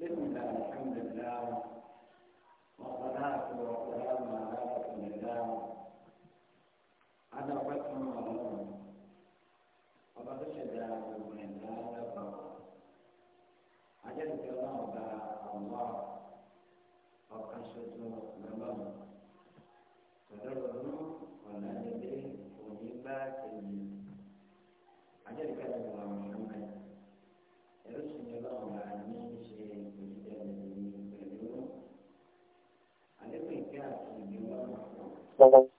بسم الله الحمد لله والصلاة والسلام على رسول الله أنا وقتهم الله وقد شد Thank you.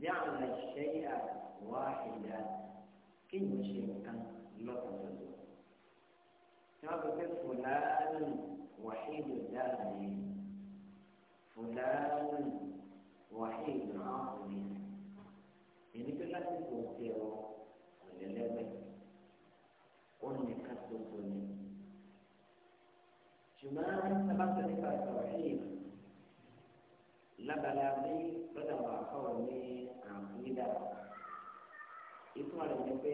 جعل الشيء واحدا كن شيء كان لقد تابت فلان وحيد الدهر فلان وحيد عاقل يعني كل ما تقول ولا لبي قل لك تقول لي جمال سبقت لك التوحيد lábala bí lọ́dọ̀ àwọn afọ́wọ́ ní àǹfíìdà ìtumọ̀ rẹ̀ ni pé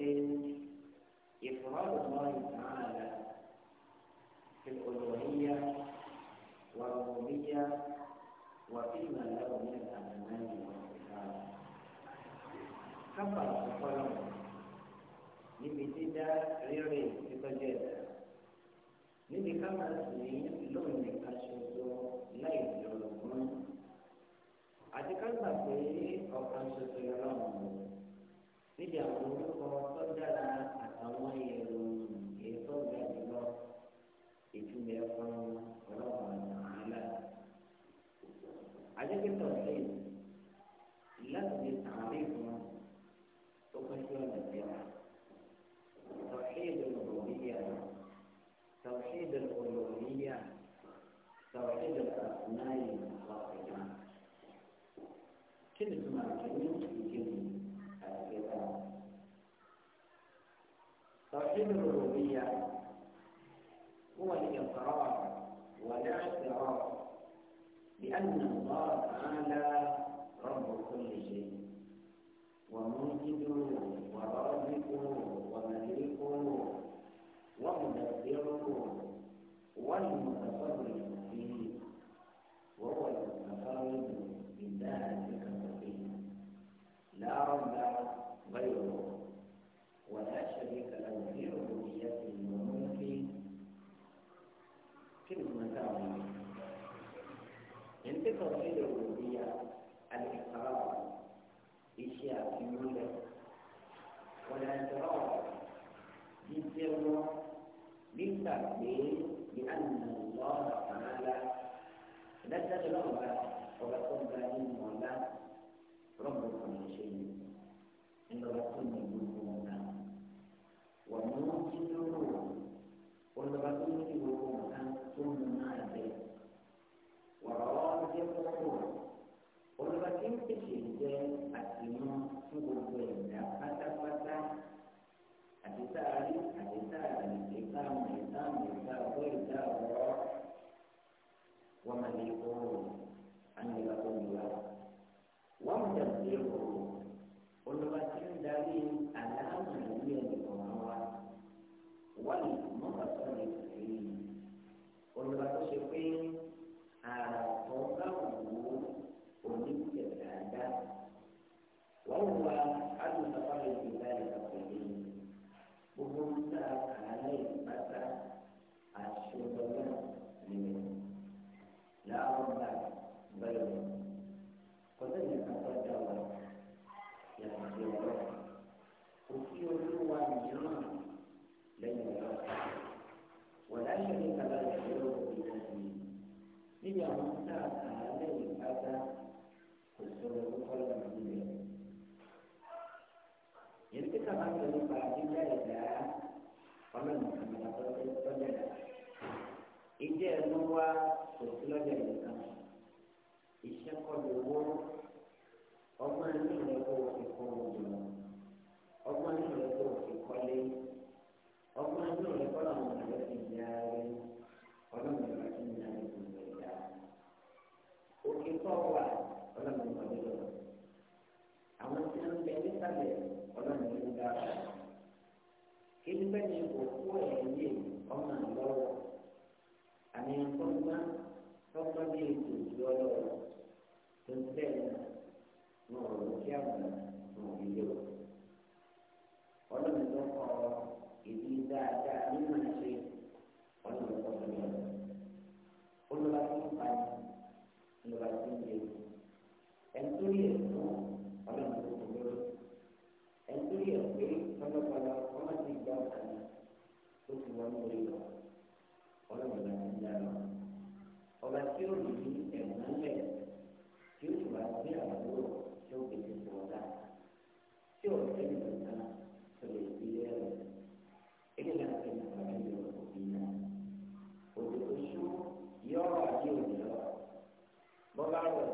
ìfọ̀rọ̀lù mọ́ ìtàhàlà fi olùwàyíyá wà lùmíyá wà fi ìmọ̀lẹ́ òní àtàlẹ́ ìwà ìtàhàlà. kábàá ìfọ̀rọ̀ níbi dídá rírì títọ́jú ẹ̀dá níbi ká máa sìn lónìí.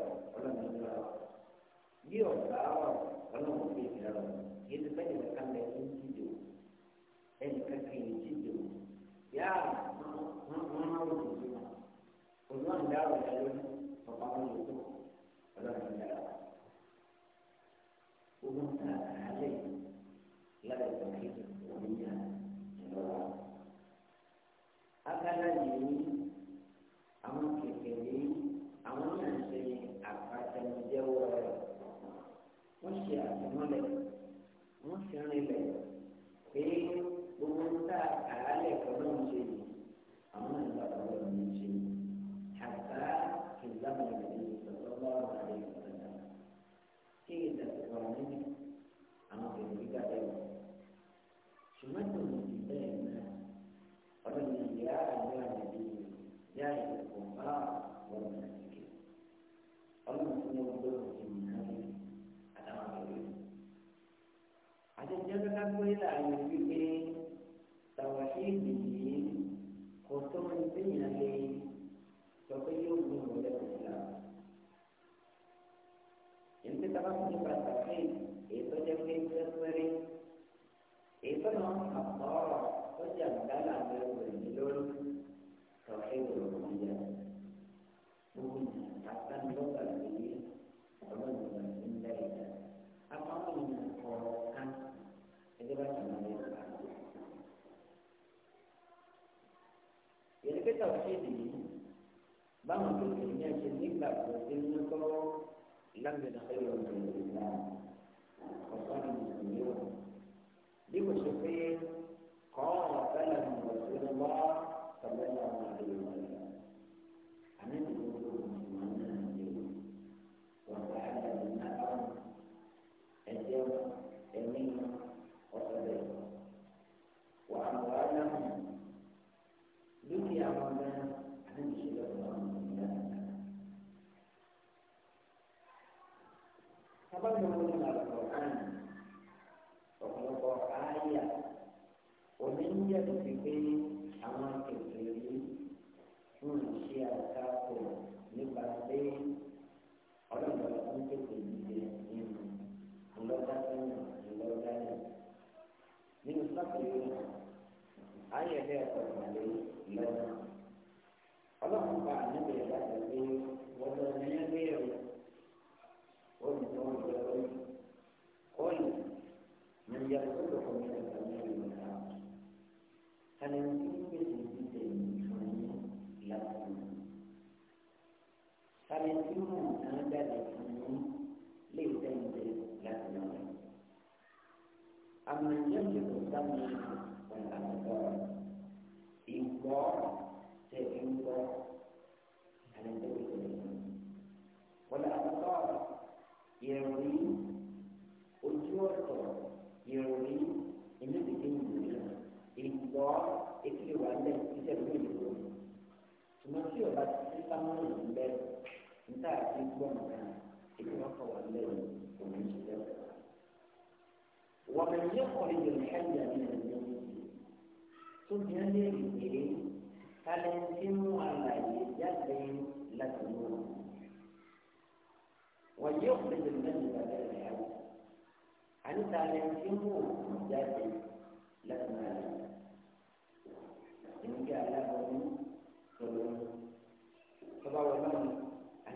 ọlọ́run ń lọ bí ọ̀gá ọ̀ ọlọ́run ń bèèrè lọ yìí ti bẹ́ẹ̀ nìkan lẹ̀ ń jíjò ẹnì kankan yìí jíjò yá wọ́n máa wò lójú wọn olùwàǹdà ọ̀gá lórí ọ̀pá wọn lójú ọlọ́run ń lọ. náà لم يتخير من الله وصار المسلمون قال قاتلهم رسول الله صلى الله عليه وسلم ومن يخرج الحي من الميت ثم يليه فلنتم على يد لتنور ويخرج الميت من الحي أنت لنتم يد لتنور إن جاء لكم فبوا لهم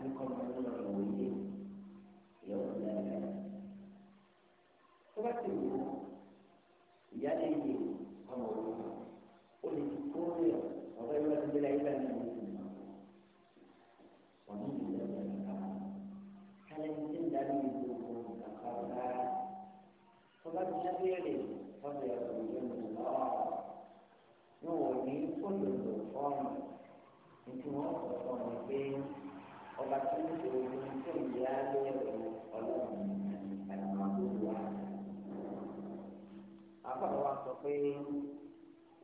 àfikọ́ ọmọ lọ́wọ́ yìí yọ̀ọ́ lẹ́yìn. tó bá ti wù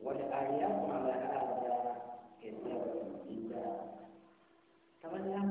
والآيات على هذا كثيرة جدا. ثمانية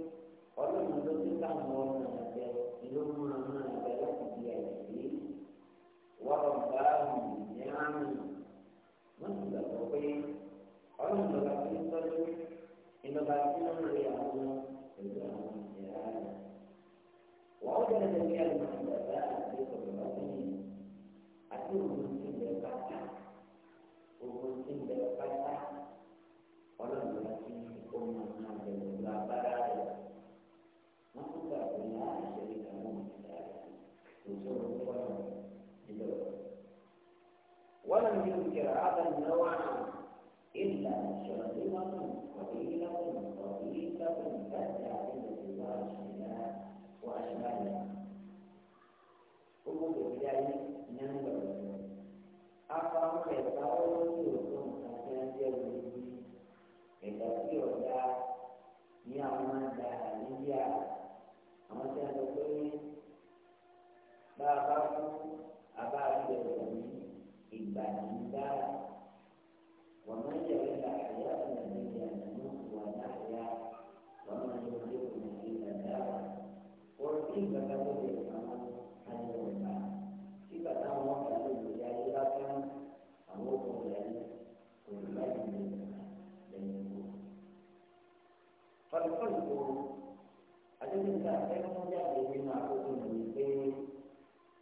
nígbà tí jáde nínú àkókò yìí pé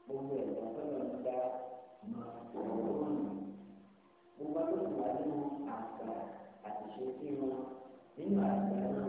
gbogbo ẹ̀dá tọ́lọ̀ ń dá máa tọ̀wọ́ wọn. Gbogbo àkókò wà nínú àgbà àtìṣe sí wọn nínú àgbà náà.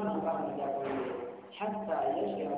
كان بعد ذلك حتى يشعر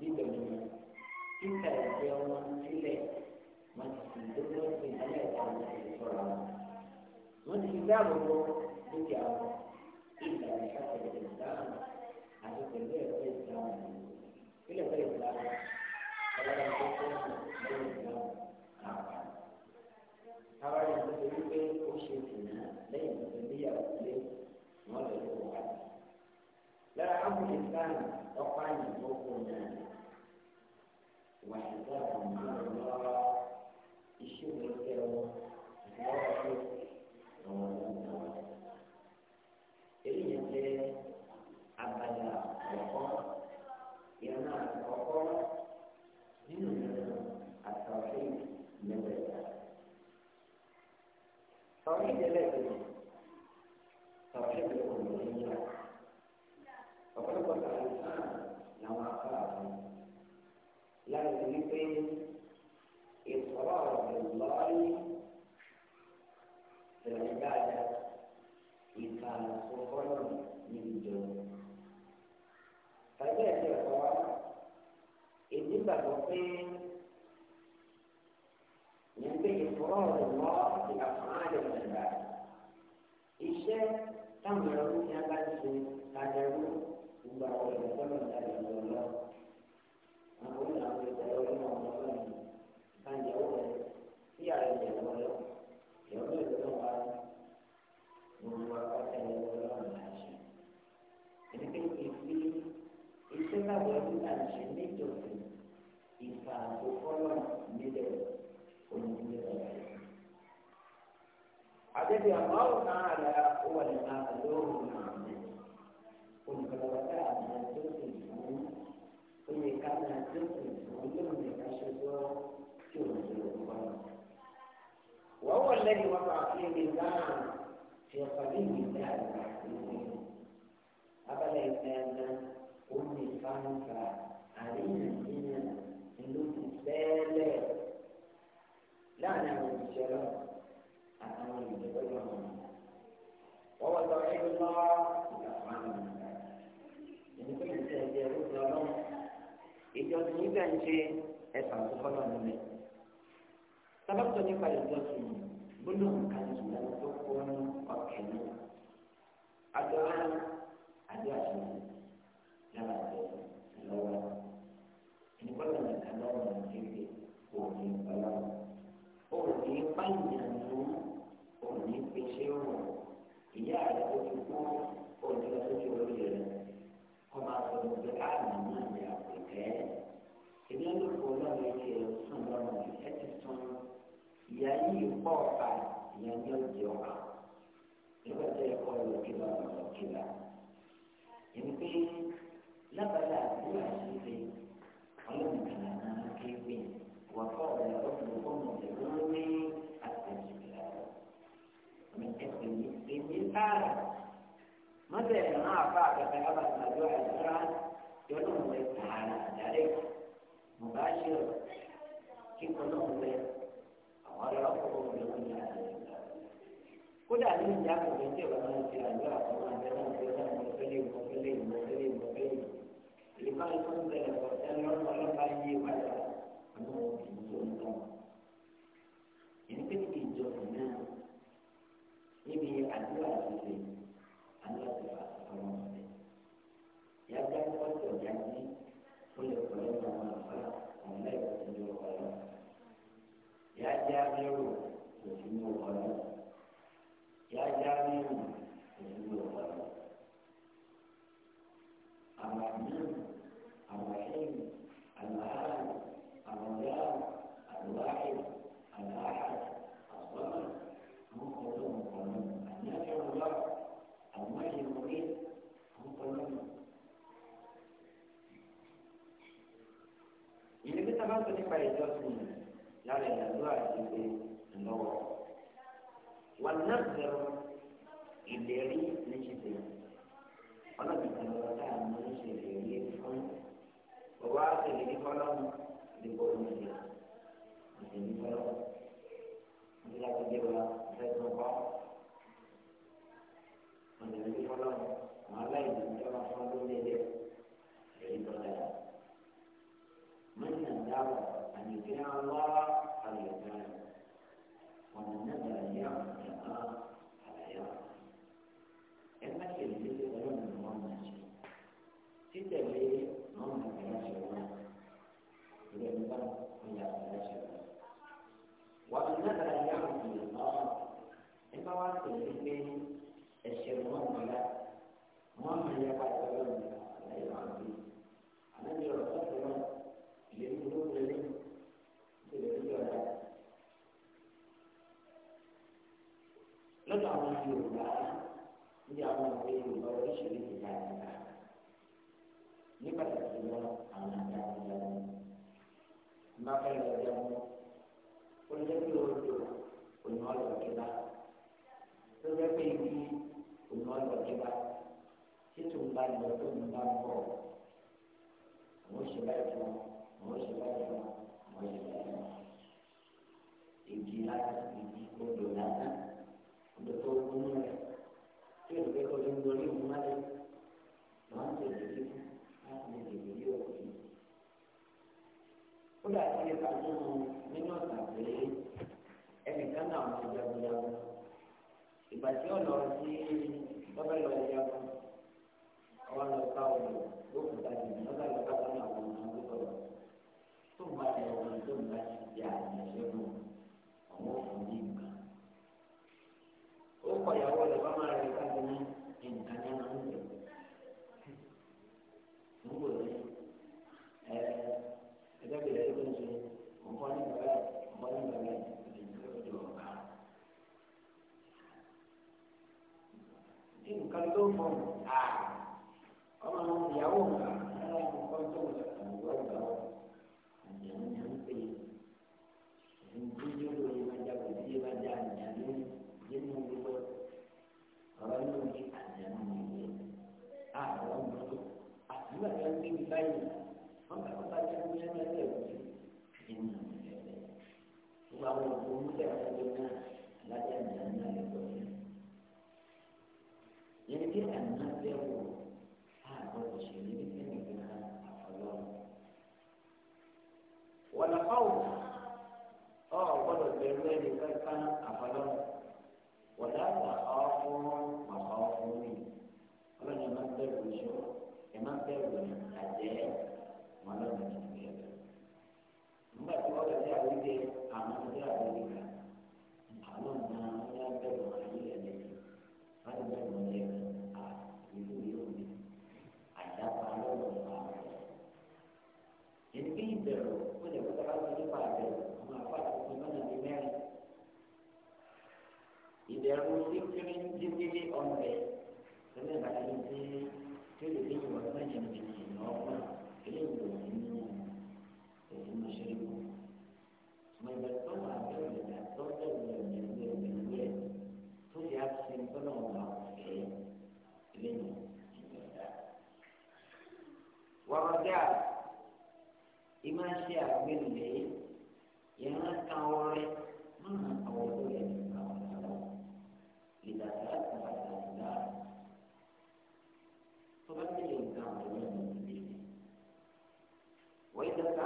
níbẹ̀ ni títà ìfẹ́ wọn sílẹ̀ wọ́n ti fi gbogbo ẹ̀sìn sílẹ̀ àwọn ìṣọ́ra wọn. ti fi dáàbò bò dúkìá wọn ìgbà ìṣàkóso ìdáhùn àti pẹ̀lú ẹ̀fẹ́ ìdáhùn sílẹ̀ fẹ́ ìdáhùn ọlọ́run tó fẹ́ lórí ìdáhùn àpá. káwá yẹn ti fi wípé ó ṣe ìdùnnú lẹ́yìn tó níyàwó lé wọ́n lè lọ́wọ́ wáyé. lára áwùjọ ìdáhùn ọ̀pá yìí ó kò náà. وحسابهم على الله الشكر لهم الله الذي الله تعالى هو المعذور من قل فلوكا ما تسلمون قل كما تسلمون من أشهر تنزلون وهو الذي وقع فيه الميزان في قديم الله المحزون أفلا يزال أمي خانفة علينا دينا إنه تسالة لا من الشراب àtàwọn ìjọsìn nígbà ń ṣe ẹ̀fà tó kọ́ nílẹ̀. sábàtọ̀ nípa ìjọsìn gbólóhùn kan ìṣúná tó kó ní ọ̀kẹ́ náà. àjọyọ̀ àti àṣẹ lára àjọ ìlọ́wọ́ ìgbọ́dọ̀ nìkan lọ́wọ́ kéde òní ọlọ́run òní pàyàn ṣéwù ìyá rẹ̀ tó ti kú òjò tó ti lórí rẹ̀ kó máa sọ ní pé á nà má ní àpèkẹ́. Èmi olùkọ́ lọ́wọ́ ti sùn lọ́wọ́ mi ẹ ti sùn. Ìyá yìí pọ̀ pa ìyá ní ọjọ́ wa. Nígbà tó yẹ kọ́ lọ kí lọ lọ Èmi pé lábàlá àdúrà ṣíṣe ọlọ́run kàlà náà kéwìn wọ́n kọ́ ọ̀rẹ́ wọ́n tẹ̀ ẹ̀ náà fà kẹta yàrá ìgbàdo àìsíra yọ̀nà òwe tààrà àdáre mọ̀gá ṣe ọ̀ kí kọ́nà òwe àwọn ọ̀rẹ́ ọkọ̀ lọ tó ń bá bọ̀ àwọn ṣe báyìí fún ṣe báyìí fún ṣe báyìí fún láti ìdí odò dáná odò tó kún rẹ̀ tí o gbé kó ló ń dorí òun wálé lọ́n ti lè dé láti lè dè lórí òkè. ó dàbí ipa nínú nínú ọ̀sán pé ẹnìkan náà wọn jagunjagun ìgbà tí ó lọ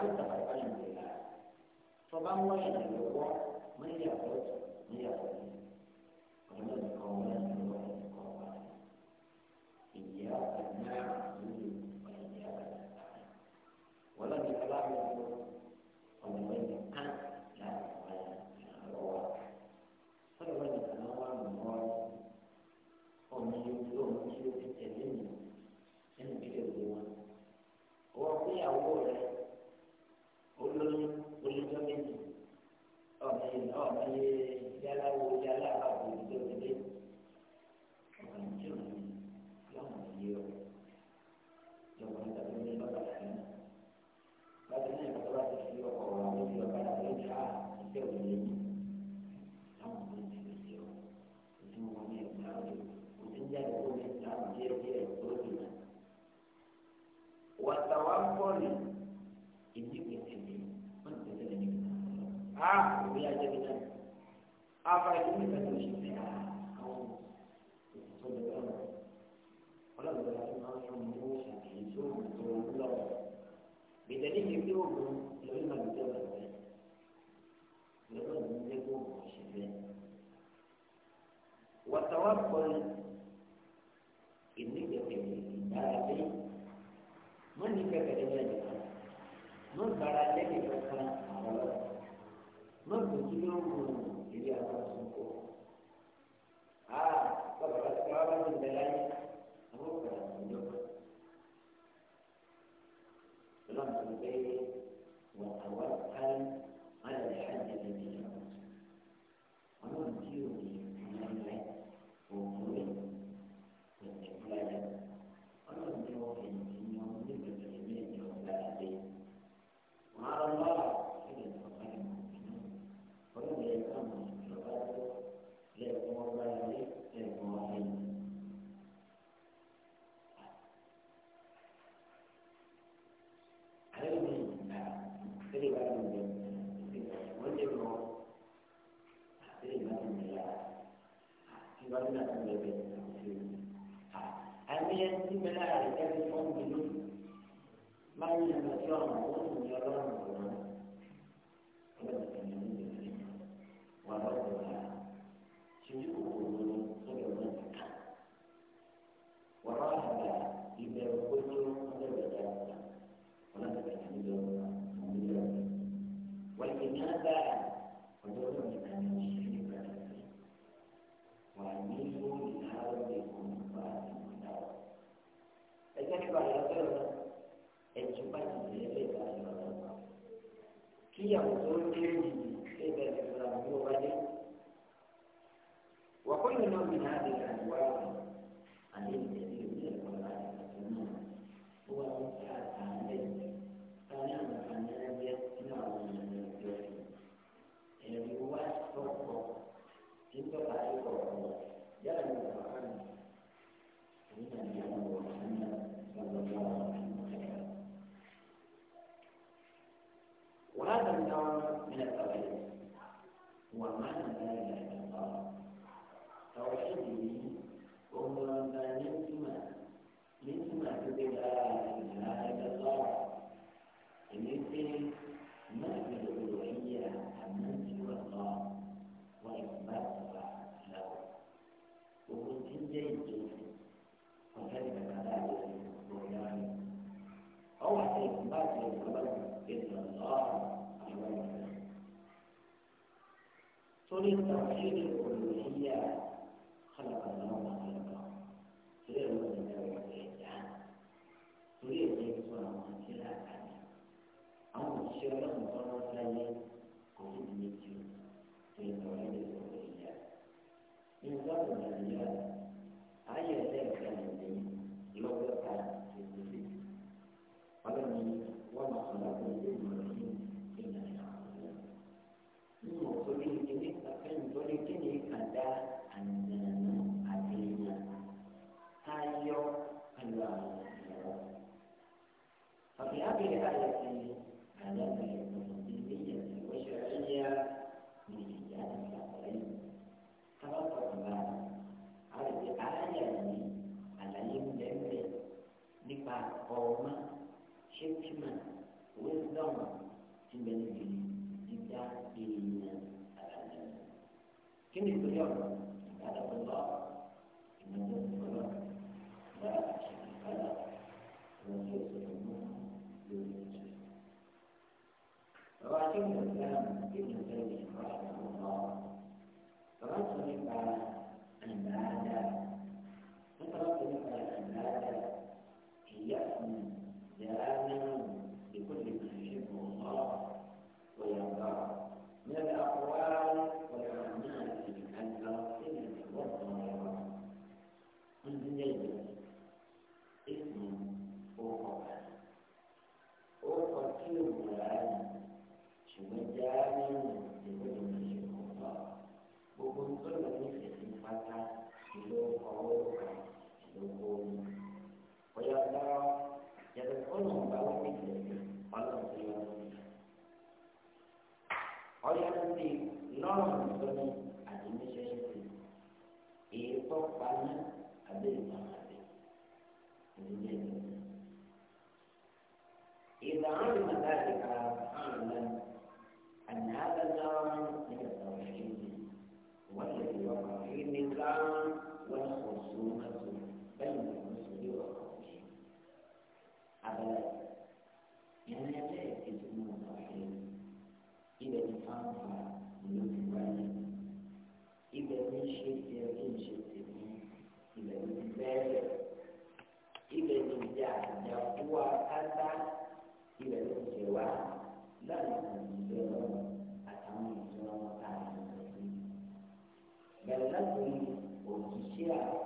fa'alta farqan billah tó bá ń wáyà lọ́wọ́ mọ́yà lọ́tù mọ́yà lọ́tù ọ̀nà ìkọ̀wé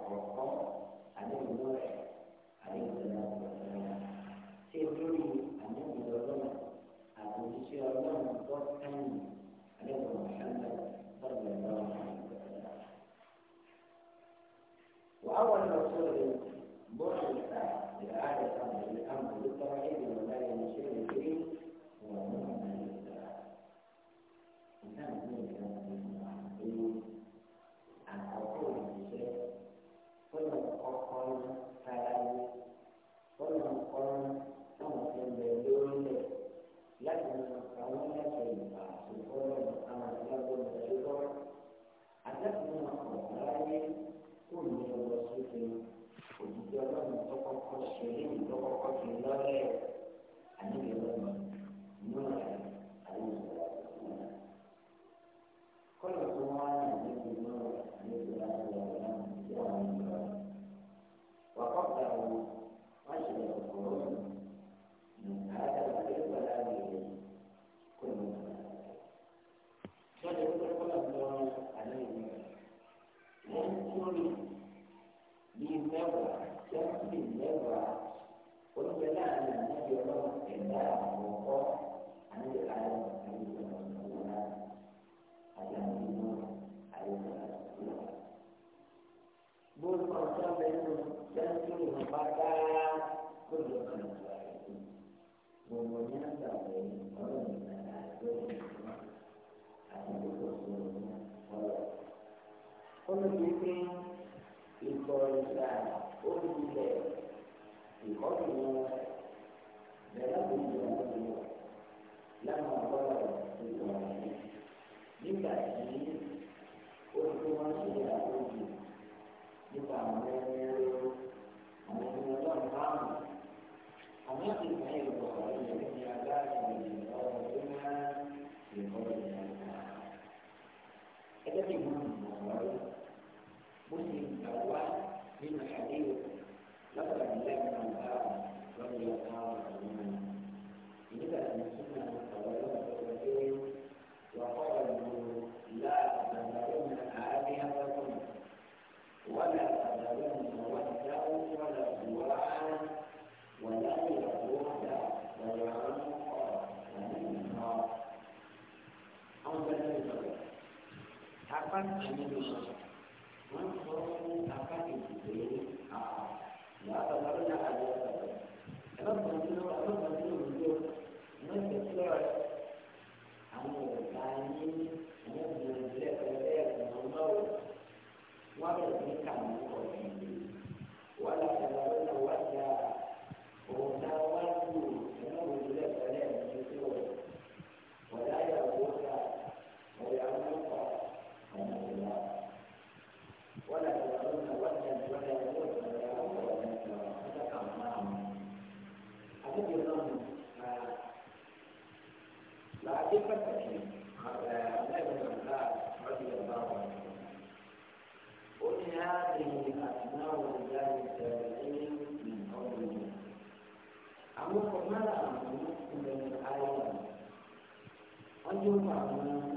àkọ́kọ́ àdéhùn rẹ̀ àdéhùn rẹ̀ láti ọ̀sẹ̀ rẹ̀. ṣé lórí àdéhùn ọlọ́run àtúnṣe ọlọ́run tó kẹ́yìn àdéhùn ọ̀sẹ̀ lọ́dọ̀ ọlọ́run وأول رسول بعث لعادة الأمر بالتوحيد adịghị kadinaụ ya yedere onye obi ọbụ amụkọada ee ahịh ndị ụmụ ụ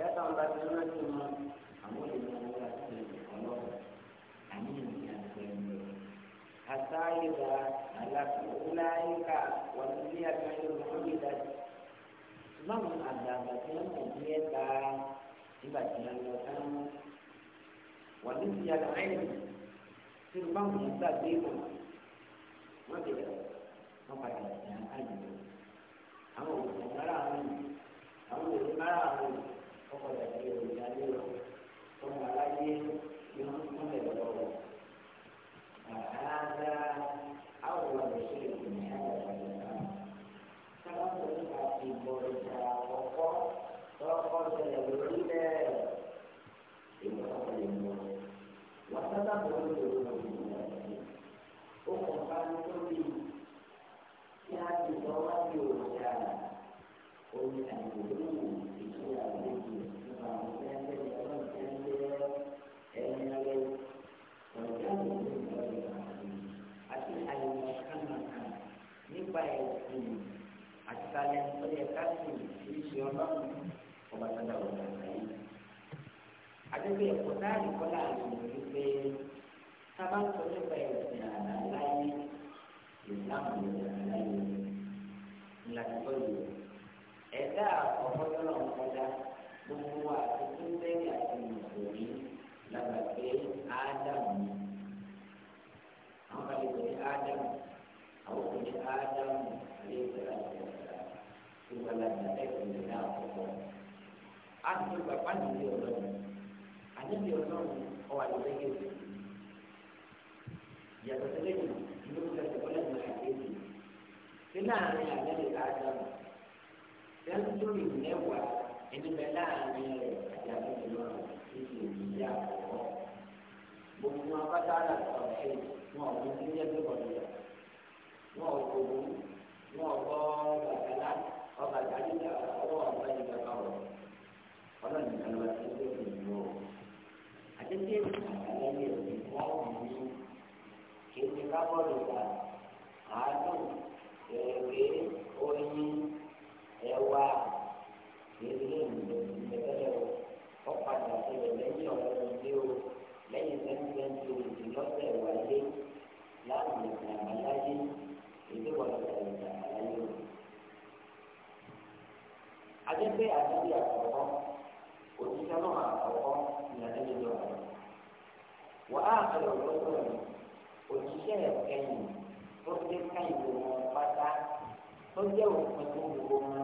ya tahu baca sunnah cuma kamu dengan Allah Allah kami yang sendiri hatta ida alak ulaika wa dia kayu muhammad Imam ada bacaan dia tak tiba tiba datang wajib dia lain sirbang yang tak tiba mati dah sampai yang ada kamu orang orang kamu orang orang ọ̀padà nípa ẹ̀sìn àtìkálẹ̀ ọ̀yẹ̀ káàsì ìṣe ọlọ́run ọba tọ́jà ọ̀gá àgbáyé. Adébẹ̀ ẹ̀kọ́ táàrí kọ́lá àgbègbè wípé sábà sọ nípa ẹ̀sìn àdáláyé ìsìlámù ìdáláyé ńlá ti tọ́jú ẹ̀dá ọ̀pọ̀lọpọ̀ ọ̀pọ̀lá gbogbo wa àti kíndẹ́rì àti mùsùlùmí làbàgbé ádámù ni. àwọn kan lè pè ní ádámù àwọn kan ní ádámù àlẹ́ ìgbàlá ìgbàlá ìgbàlá ìgbàlá ìgbàlá àkọ́kọ́. a ti bàbá nílé ọlọ́run àdébí ọlọ́run ọwà lọ́dẹ́gẹ́ yàtọ̀ sílẹ̀ yìí ló ń tẹ̀sí ọlọ́run àdébí. sí láàrin àlẹ́ ìgbàlá sẹ́ńtúrì mẹ́wàá ẹnìbẹ̀ láàrin rẹ̀ yàtọ̀ ìlú ìlú ìyá àkọ́kọ́. Gbogbo wọn pátá àlàkà ọ̀ṣẹ́ wọn ò ní sílẹ̀ tó kọ̀ lọ. Wọn ò kò wú, wọn ò kọ́ bàtàlá, ọba àtàlíjà ọwọ́ ọba ìgbà kọ̀ọ̀. Ọlọ́run kan lọ sí ilé ìlú o. Àtẹ́tẹ́ àtàlẹ́ ní òbí wọ́n ò ní kí ní kábọ̀lù gbà àádùn èrè oyin ẹwà eré ìlú ìgbẹ́lẹ̀ o ọ̀padà sílẹ̀ lẹ́yìn ọ̀rọ̀ ilé o lẹ́yìn sẹ́ńtẹ́ńtì òdì lọ́sẹ̀ wáyé láàmì ìgbàláyé èdè wà lọ́sẹ̀ ìgbàláyé o. adẹ́gbẹ́ àdúgbò àkọ́kọ́ òṣìṣẹ́ náà àkọ́kọ́ ní adẹ́gbẹ́ náà wàá àkàlọ̀ lọ́sọ̀rọ̀ òṣìṣẹ́ ẹ̀kẹ́yìn tó dé káyìn wọn pátá ó jẹ́ òpin gbogbo wọn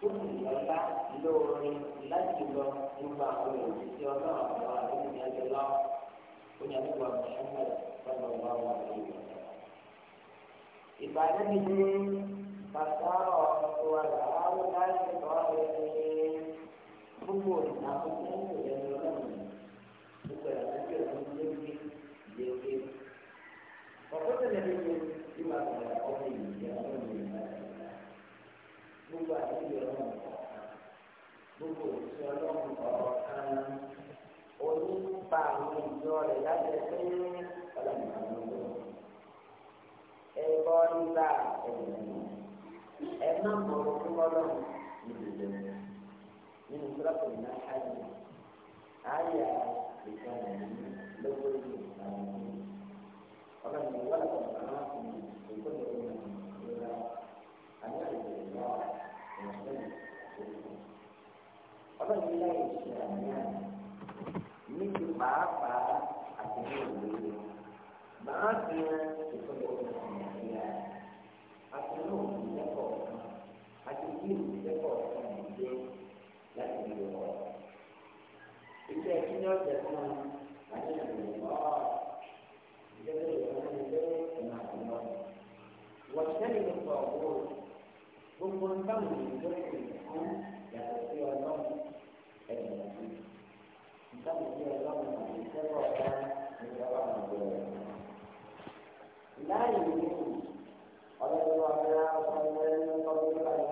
tó kù lọ́lá lóore láti lọ nípa àwọn òṣìṣẹ́ ọlọ́run àwọn àdéhùn ẹgbẹ́ lọ ó ní àdúgbò àmọ́ṣẹ́mọ́ lọ́dọ̀ wà wà lórí ìgbà. ìbàdàn mi ní bàtà ọ̀rọ̀ wà láwọn láti lọ́ ẹ̀ẹ́dẹ́gbẹ́ gbogbo ìnáwó lẹ́yìn ìrẹ́lẹ́ ọlọ́run gbogbo ìrẹ́lẹ́ ọlọ́run lórí lórí. ọ̀pọ̀ tẹ̀lé ní ìgbà tó gbogbo òṣìṣẹ́ ọlọ́run ọ̀rọ̀ kan onípa àwọn ìjọ rẹ̀ lábẹ́ pé ọlọ́run àwọn ọmọ ẹ bọ́ nígbà ẹ̀yìn ẹ má mọ orúkọ ọlọ́run níbi ìjọba nínú sọ́dọ̀tò náà ṣáàyè àyà ìjọba yìí lọ́wọ́ ìlú àwọn ọlọ́run ìwà àtàwọn arákùnrin ìgbọ́dọ̀ ìlú àwọn ìlú àwọn àyà ìjọba yìí lọ́wọ́ ọlọ́run láyé ṣe àníyàn ní ti pàápàá àtẹ̀wé ìwé màá fi hàn ìtọ́jú ọ̀sán nàìjíríà àtúnú ìlẹ́kọ̀ọ́ kan àti bí ìlẹ́kọ̀ọ́ kan lè jẹ́ láti lè wọ̀. iṣẹ́ kí ni ọ̀sẹ̀ fún un àti ìrìnàmọ́ ìjọba ìjọba ìjọba ìjọba ìjọba wọ́n ṣẹ́ni lọ́sọ̀ọ́ gbogbo ń bá wọn ìjọba ìjọba ìjọba yàtọ̀ sí ọlọ́ لا يمكن أن يكون هذا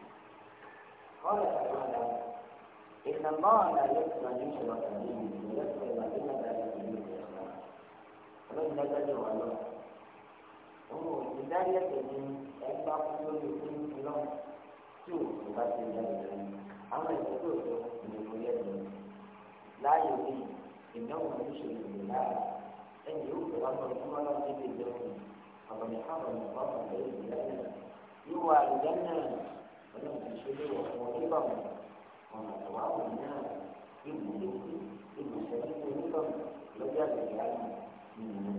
قال تعالى إن الله لا يسمع من شرك به ويسمع ما دون ذلك من الإخلاص فمن لا تدعو الله هو لذلك يجب أن تقول يكون لهم سوء صفات ذلك أما يقول من يده لا يريد إنه من يشرك بالله أن يوصف أن يكون له في الدنيا فمن حرم الله عليه الجنة يوعى الجنة ọlọ́run ti ṣe léwọ̀ fún ọdún báwọn ọ̀nà ìwà àwọn mìíràn ìmùlòkù ìmùsẹ̀ nínú onítọ̀nù lọ́jọ́ àgbẹ̀yà nìyẹn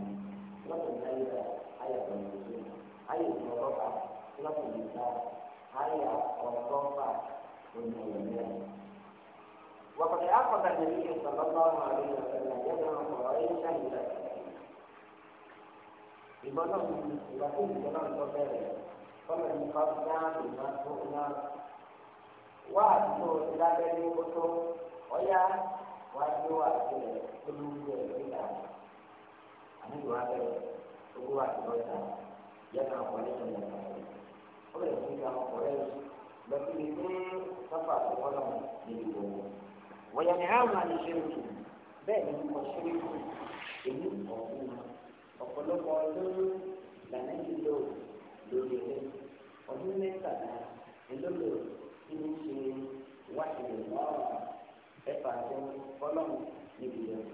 lọ́sẹ̀ náírà ayàtọ̀ ìgbésẹ̀ ayàtọ̀ ọlọ́pàá lọ́sẹ̀ nígbà ayà ọlọ́pàá oníyẹ̀mẹ́. وقد عقد النبي صلى الله عليه وسلم يدعو قريشا الى الاسلام. يبقى لهم يبقى لهم kọ́nà ní kọ́ńtà ìgbà tó ná. wá àtúntò ìdábẹ́ ní kótó ọ̀yá wá sí wà sílẹ̀ olúwẹ̀ nígbà àmì ìwà bẹ̀rẹ̀ owó àtúntò yàtọ̀ ọ̀pọ̀lẹ́ ní ìyàtọ̀ ó lè fi ga ọ̀pọ̀lẹ́ lọ́sí ní pé sọ́fà tó wọ́n lọ́mọ níbi gbogbo. wọ́n yẹ ní àwọn àlejò bẹ́ẹ̀ ni mo ṣe é èyí ọ̀gbìn ọ̀pọ̀lọpọ̀ ọdún lànà ìlú lórí ilé ọdún mẹ́tàlá ìlólò tí ń ṣe wáṣíwò lọ́wọ́ ẹ̀fà tó fọlọ́mù níbi rẹ̀.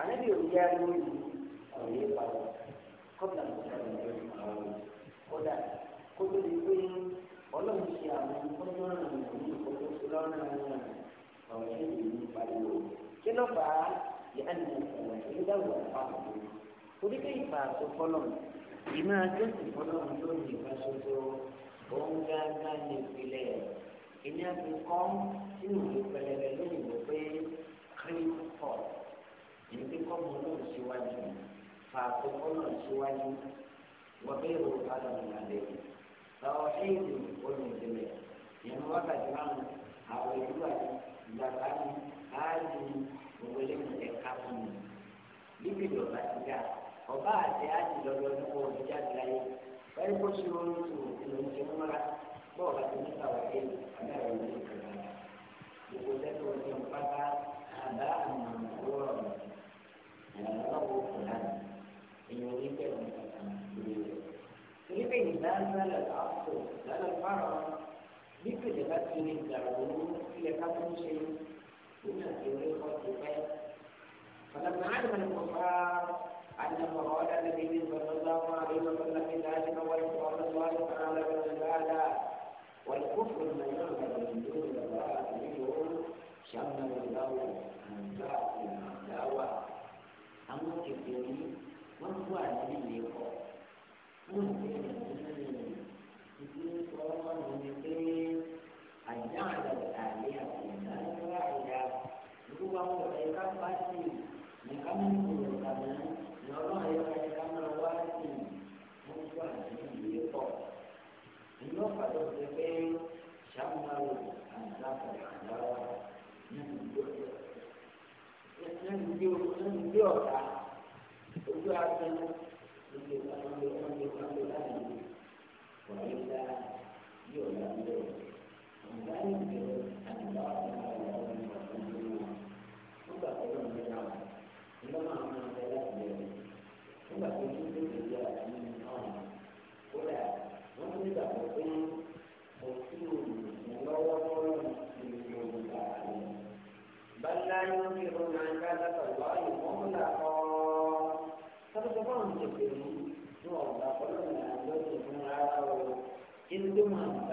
ànábì òjá lórí ọ̀rẹ́ ìpàdé kọ́tà ìpàdé lórí àwọn kódà kó tó di pé ọlọ́run ṣe àwọn ọdún ọ̀ràn ní ìkókó sí lọ́rùn àwọn ọ̀rẹ́ ìlú pariwo kí ló fà á yẹ ẹni ìgbà ìdáwọ̀ àpapọ̀ torí pé ìfàṣọ fọlọ́ ìmọ̀ àjọsìn fọlọ́ lórí ìfàṣọjọ òun gángan ní ìpìlẹ̀ ìní àti kọ́m sínú ìlú pẹlẹbẹ lóyìnbó pé cream pot ìní pé kọ́mọ náà síwájú fàṣọ fọlọ́ síwájú wọ́pẹ́ ìrò padà nílẹ̀ lọ́wọ́ ṣéèdì olùdílẹ̀ ìyẹn wákàtí márùn àwọn ìlú àti ìgbàgbá ni áàdì òwúlẹ̀ ẹ̀ka fún mi bíbélì ọ̀bá ti dáa ọba àti àti lọ́dọ̀ ní kò ní jáde láyé wọ́n kó sí oorun tó ìlú ní ìlú mọ́ra bọ́ọ̀ bá ti ní kàwé ẹ̀yìn àbí àwọn ìlú ìkàwé rẹ̀. Gbogbo sẹ́kọ̀ọ́ ní pátá àbá àmọ̀ àwòrán ọ̀nà ìyàwó fúlàní èèyàn ní bẹ̀rù nǹkan lórí rẹ̀. Níbi ìdánilẹ̀ àpò lálẹ́ márùn-ún bí kèdè bá ti ní ìdàrú ilẹ̀ ká tó ń ṣe أن مراد النبي صلى الله عليه وسلم في ذلك هو إقرار الله تعالى والعبادة والكفر من يعمل من دون الله منهم شمل له من باء العداوة أما الكفرين wọ́n kú àdéhùn yìí kọ́ wọ́n ti rẹ̀ nínú ìdí sọ ọ́nà ní pé àjà àlọ́ àlẹ́ àtìyànjá nígbà ìyá ìdúgbò àwọn ọ̀rẹ́ ká bá sí i nìkan nínú ìrọ̀kàmọ́ ìrọ̀lọ́ àyẹ̀wò máa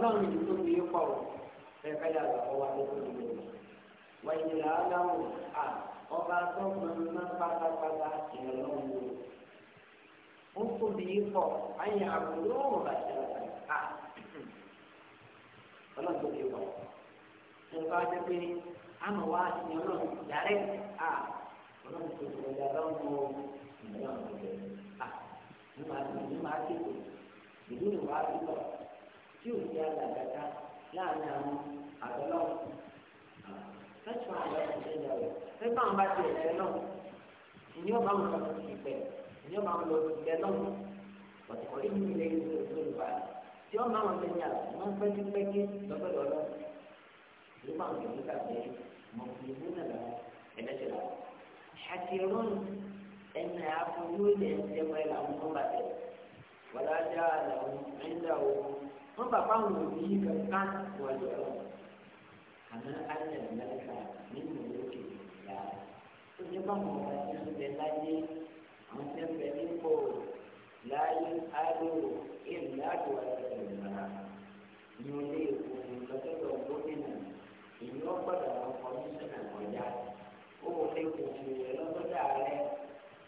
ọlọ́run ìlú tó fi pọ̀ ọ́ ẹ̀ka yà lọ́wọ́ wa tó tóbi lónìí. wọ́n yìí là á dáhùn à ọba tó mọ̀ọ́mọ́ náà pátápátá ìrọ̀lọ́run lò. ó tóbi pọ̀ ayé àbúrò òun bàtà à ọlọ́run tó fi pọ̀ nípa jẹ́ pé àmọ̀ wá ìyẹn ọlọ́run yàrá à ọlọ́run tó fi pọ̀ yàrá òun lò ìyẹn ọ̀rọ̀ à nígbà tí ìlú máa kéde ìlú ìwà àdúgbò tí ò ní alàgàtà láàrin àwọn àtọ́lọ́ lọ́sùn àlọ́ ìṣẹ̀lẹ̀ rẹ̀ pépà ń bá ti ẹ̀ṣẹ̀ náà ìní ọba ń lọ sí ìpẹ́ ìní ọba ń lọ sí ìpẹ́ náà ọ̀tọ̀ ìlú ilẹ̀ ìlú olùbá tí ọba àwọn ọmọ ẹ̀yà wọn ń pẹ́kí pẹ́kí lọ́pẹ́lọ́ lọ ń lọ sí ìpàdé mọ̀kùnrin náà lọ ẹ̀dẹ́sẹ̀ lọ. àti ẹ̀rọ ẹ̀nà àfọwọ́ ilẹ̀ ẹ̀ṣẹ̀ pẹ̀lú wọ́n bàbá àwọn òbí yìí kan ká wà lọ́wọ́ àmọ́ ayé àmẹ́ríkà nínú lókè ìyá tó ní báwọn ọ̀rọ̀ tí ń bẹ láyé àwọn tí ń bẹ nípò láyé áyò ìlú àjò àtẹ̀yìnbá ní olè èkó lọ́sọ̀tọ̀ gómìnà èyí wọ́n gbọ́dọ̀ àwọn kọmíṣánná kọjá ó wọ ẹ̀kọ́ òṣèré lọ́sọ̀tọ̀ ààrẹ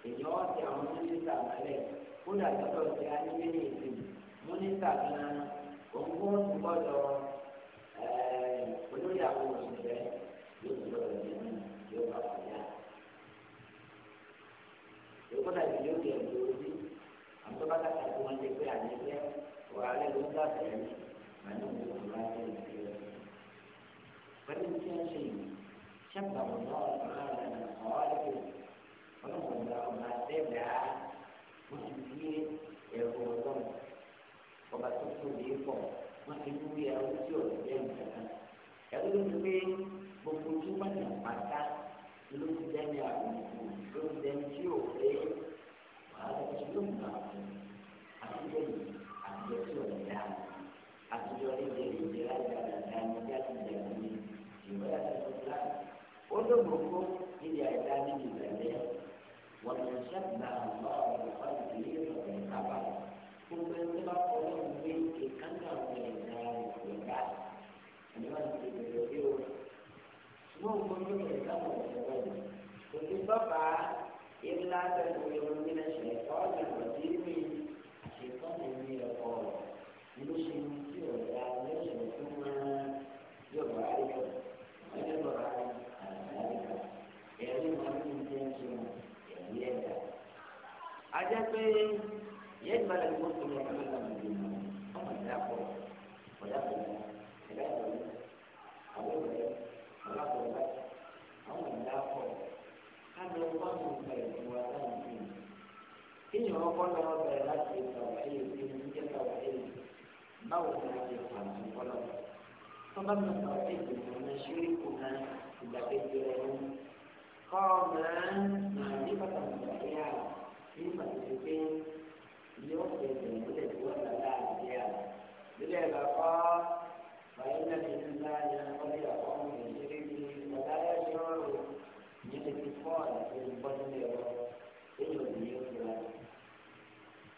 èyí wọ́n ti àwọn mínísítà mọ́lẹ̀ kó dàgbọ́dọ̀ ti á ní mínísítì mínísítà gan òwúwo ti gbọ́dọ̀ olórí àwọn yóò ti gbọ́dọ̀ ní yóò bá wà yá. èkó náà ti yóò yẹ ìlú orí àwọn tó bá kàtà kó wọn jẹ pé àná ẹgbẹ́ ọ̀rọ̀ alẹ́ ló ń gbà bẹ́ẹ̀ ni màá ní òun kò máa jẹ ìlú rẹ̀. pẹ̀lú tí ṣe yìí sábà wọn náà ń rìn àwọn ọ̀rẹ́ wọn náà wọn máa ń dẹ́gbàá wọ́n ti fi ẹ̀rọ ọlọ́run ọba tó tóbi pọ̀ wọ́n ti mú ìyàwó tí ò jẹ́ nǹkan ẹ̀rọ ló ti pé gbogbo tí wọ́n yàn pátá ló ti jẹ́ ní àbùkù ló ti jẹ́ tí ò fẹ́ wá ọ̀rọ̀ mi lé ìkànnì àwọn ẹ̀dá ìgbà àdúrà ti bẹ̀rẹ̀ bí o. Ṣùgbọ́n mo ní ẹ̀dá àwọn ẹ̀dá ìgbà. Kò sí bàbá ìlà àtẹ̀wé ìròyìn náà. kọ́kọ́ lọ́wọ́ bẹ̀rẹ̀ láti ìtàwé ẹ̀yẹ tí mo jẹ́ tàwé ẹ̀yẹ báwo ni a ti fà mí kọ́lọ́ tó mi sọ èdè tó ní ṣírí kù náà ìgbà rẹ̀ mú kọ́ máa ń máa ní pàtàkì ìgbàlẹ́yà ní pàtàkì pé yóò bẹ̀rẹ̀ ìmúlẹ̀ tó wà lára àgbéyà ìbílẹ̀ ìgbàkọ́ فإن الإنسان قد يقوم بشركه ولا يشعر بالإتصال بالبدن والروح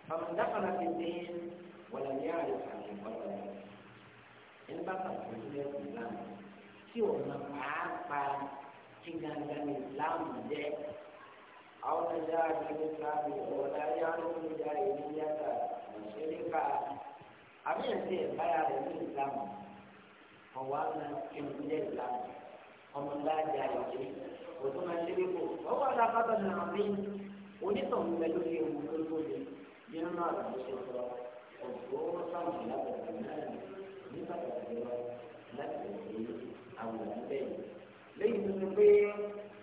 فمن دخل في الدين ولم يعرف حقيقته إن بقى في الإسلام سوى مقعاقا تنجان الإسلام ده أو نجاة الإسلام ولا يعرف الجاهلية والشركة àmì ẹ̀sìn ìbára rẹ̀ ní ìsìlámù ọ̀wá na ìmúlẹ̀ ìsìlámù ọmọláàjà ìwé òtún máa ṣe wípé ọwọ́ alábàbà náà rí onítọ̀hún pẹ̀lú ewu lórí Firma la società, qualcosa mi la perdonare, mi fa perdere la perdere a una bene. Lei non sapeva,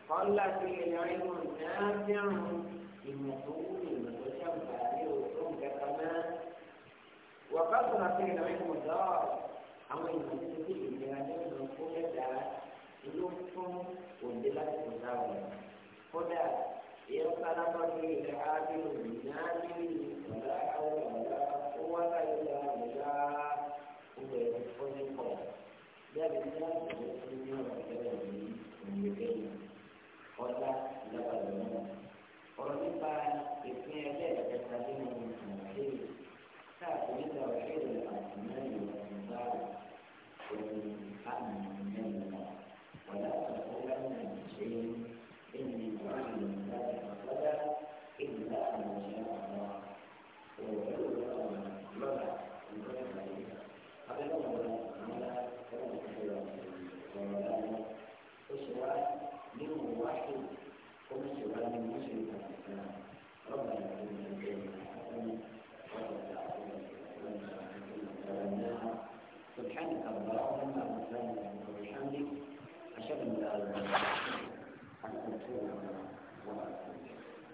falla che le hai montato in natura, in natura champare, o tronca camà, وقصر في العلم الدار أو المسجد الجامع من كل دار يلوكم ودلت مزاوية هدى ينقلب فيه عادل نادل ولا حول ولا قوة إلا بالله هو يكون القول ذلك المسلم والكلام المكين قال لقد نمت ورزق اثنين ذلك التعليم من التوحيد كافر التوحيد الاسماء والانصار ومن امن